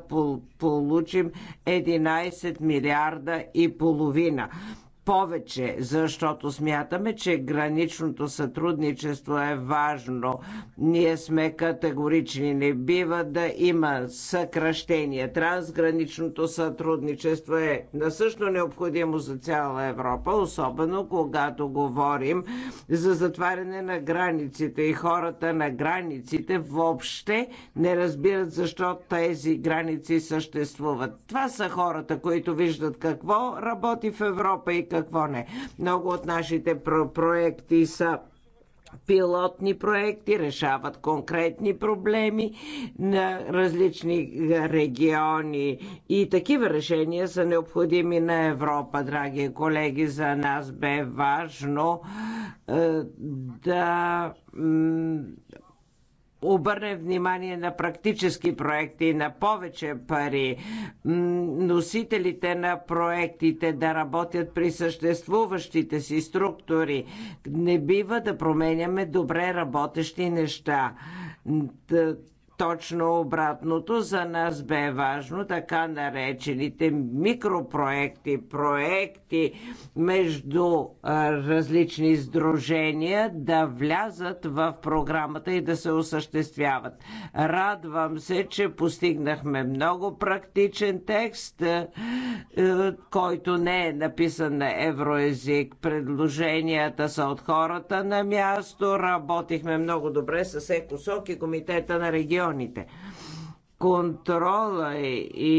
Speaker 1: получим 11 милиарда и половина повече, защото смятаме, че граничното сътрудничество е важно. Ние сме категорични, не бива да има съкръщение. Трансграничното сътрудничество е насъщно необходимо за цяла Европа, особено когато говорим за затваряне на границите и хората на границите въобще не разбират защо тези граници съществуват. Това са хората, които виждат какво работи в Европа и какво не. Много от нашите про- проекти са пилотни проекти, решават конкретни проблеми на различни региони. И такива решения са необходими на Европа, драги колеги. За нас бе важно е, да обърнем внимание на практически проекти, на повече пари, носителите на проектите да работят при съществуващите си структури. Не бива да променяме добре работещи неща. Точно обратното за нас бе важно така наречените микропроекти, проекти между различни сдружения да влязат в програмата и да се осъществяват. Радвам се, че постигнахме много практичен текст, който не е написан на евроезик. Предложенията са от хората на място. Работихме много добре с ЕКОСОК и Комитета на регион регионите контрола и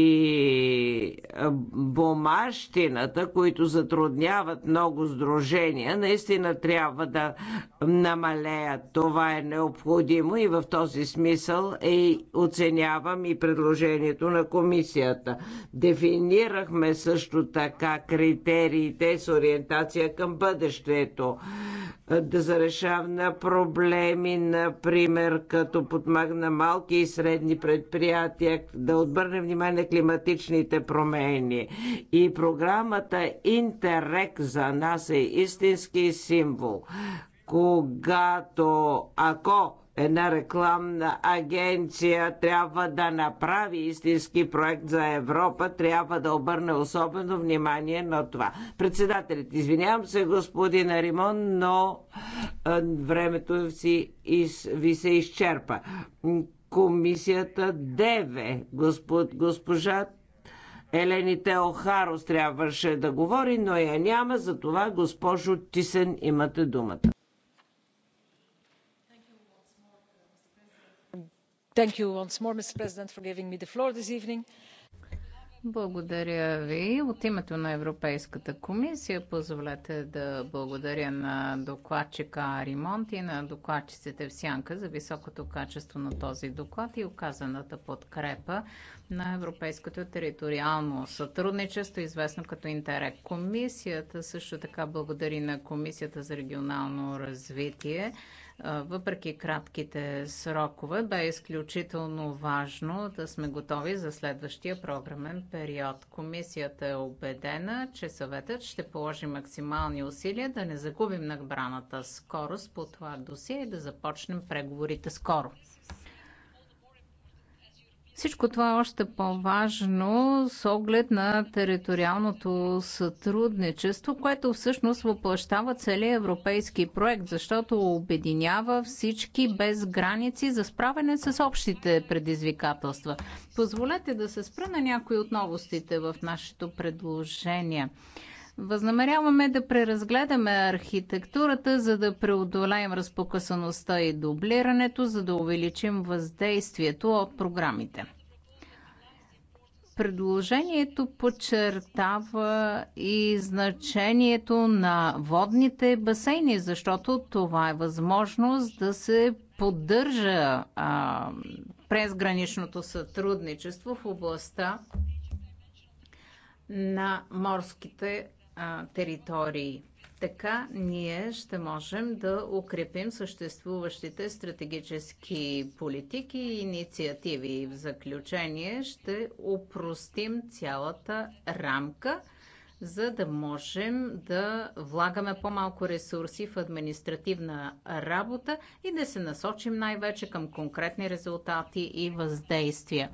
Speaker 1: бумащината, които затрудняват много сдружения, наистина трябва да намалеят. Това е необходимо и в този смисъл е, оценявам и предложението на комисията. Дефинирахме също така критериите с ориентация към бъдещето да за решаване на проблеми, например, като подмагна малки и средни предприятия мероприятия, да обърне внимание на климатичните промени. И програмата Интерек за нас е истински символ. Когато, ако една рекламна агенция трябва да направи истински проект за Европа, трябва да обърне особено внимание на това. Председателят, извинявам се, господин Аримон, но времето си ви се изчерпа комисията ДЕВЕ. Господ, госпожа Елени Теохарос трябваше да говори, но я няма. Затова, госпожо Тисен, имате думата.
Speaker 3: Thank you once more, Mr. President, for giving me the floor this evening. Благодаря ви. От името на Европейската комисия позволете да благодаря на докладчика Аримонт и на докладчиците в Сянка за високото качество на този доклад и оказаната подкрепа на Европейското териториално сътрудничество, известно като Интерек. Комисията също така благодари на Комисията за регионално развитие въпреки кратките срокове, бе изключително важно да сме готови за следващия програмен период. Комисията е убедена, че съветът ще положи максимални усилия да не загубим набраната скорост по това досие и да започнем преговорите скоро. Всичко това е още по-важно с оглед на териториалното сътрудничество, което всъщност въплащава целият европейски проект, защото обединява всички без граници за справяне с общите предизвикателства. Позволете да се спра на някои от новостите в нашето предложение. Възнамеряваме да преразгледаме архитектурата, за да преодолеем разпокъсаността и дублирането, за да увеличим въздействието от програмите. Предложението подчертава и значението на водните басейни, защото това е възможност да се поддържа а, презграничното сътрудничество в областта на морските а, територии. Така ние ще можем да укрепим съществуващите стратегически политики и инициативи. В заключение ще упростим цялата рамка, за да можем да влагаме по-малко ресурси в административна работа и да се насочим най-вече към конкретни резултати и въздействия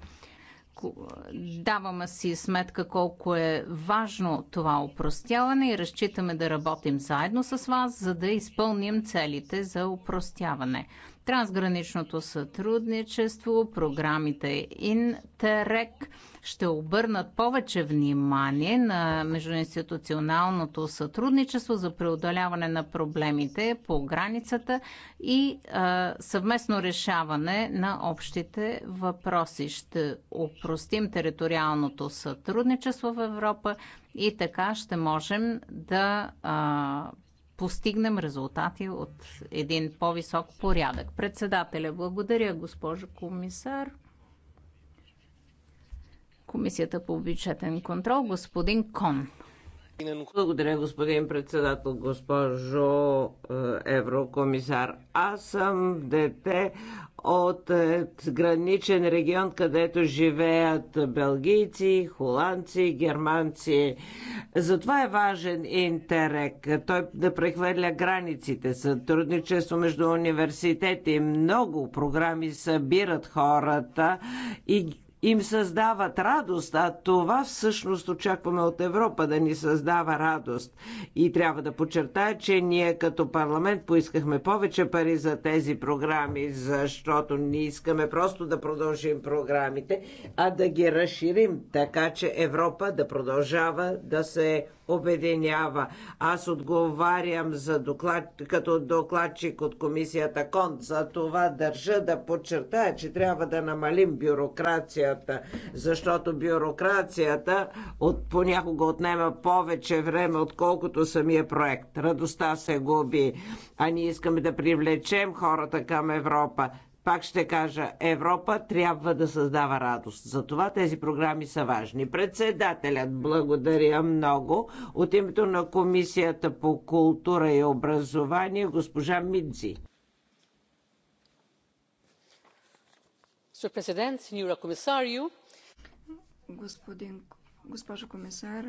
Speaker 3: даваме си сметка колко е важно това упростяване и разчитаме да работим заедно с вас, за да изпълним целите за упростяване. Трансграничното сътрудничество, програмите Интерек ще обърнат повече внимание на междуинституционалното сътрудничество за преодоляване на проблемите по границата и а, съвместно решаване на общите въпроси. Ще опростим териториалното сътрудничество в Европа и така ще можем да а, постигнем резултати от един по-висок порядък. Председателя,
Speaker 1: благодаря,
Speaker 3: госпожо комисар. Комисията по бюджетен контрол, господин Кон.
Speaker 1: Благодаря, господин председател, госпожо е, еврокомисар. Аз съм дете от е, граничен регион, където живеят белгийци, холандци, германци. Затова е важен интерек. Той да прехвърля границите, сътрудничество между университети. Много програми събират хората и им създават радост, а това всъщност очакваме от Европа да ни създава радост. И трябва да подчертая, че ние като парламент поискахме повече пари за тези програми, защото не искаме просто да продължим програмите, а да ги разширим, така че Европа да продължава да се обединява. Аз отговарям за доклад, като докладчик от комисията Конт. За това държа да подчертая, че трябва да намалим бюрокрация бюрокрацията, защото бюрокрацията от, понякога отнема повече време, отколкото самия проект. Радостта се губи, а ние искаме да привлечем хората към Европа. Пак ще кажа, Европа трябва да създава радост. Затова тези програми са важни. Председателят, благодаря много. От името на Комисията по култура и образование, госпожа Мидзи.
Speaker 2: госпожо комисар,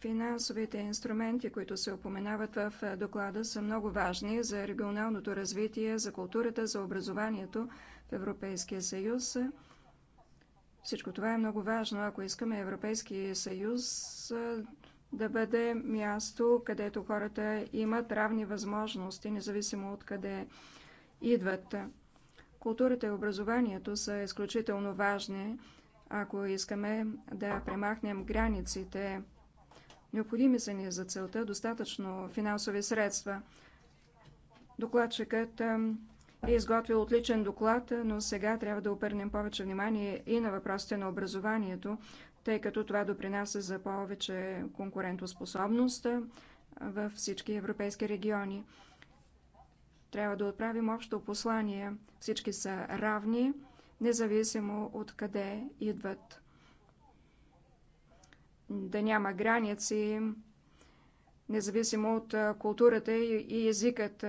Speaker 2: финансовите инструменти, които се упоменават в е, доклада, са много важни за регионалното развитие, за културата, за образованието в Европейския съюз. Всичко това е много важно, ако искаме Европейския съюз е, да бъде място, където хората имат равни възможности, независимо от къде идват. Културата и образованието са изключително важни, ако искаме да премахнем границите. Необходими са ни за целта достатъчно финансови средства. Докладчикът е изготвил отличен доклад, но сега трябва да обърнем повече внимание и на въпросите на образованието, тъй като това допринася за повече конкурентоспособност във всички европейски региони. Трябва да отправим общо послание. Всички са равни, независимо от къде идват. Да няма граници, независимо от културата и езикът,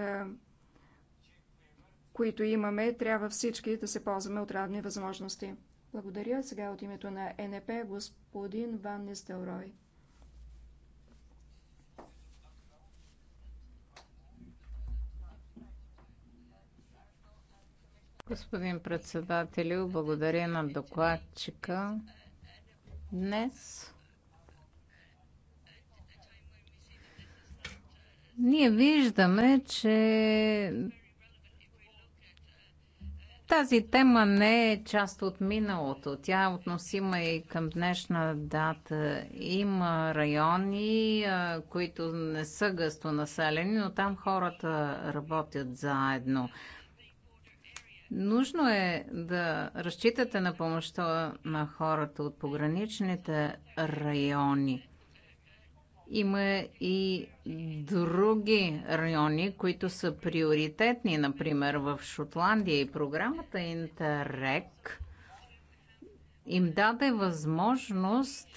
Speaker 2: които имаме, трябва всички да се ползваме от равни възможности. Благодаря. Сега от името на НП господин Ван Нестелрой. Господин
Speaker 3: председателю, благодаря на докладчика. Днес ние виждаме, че тази тема не е част от миналото. Тя е относима и към днешна дата. Има райони, които не са гъсто населени, но там хората работят заедно. Нужно е да разчитате на помощта на хората от пограничните райони. Има и други райони, които са приоритетни, например в Шотландия и програмата Интеррек им даде възможност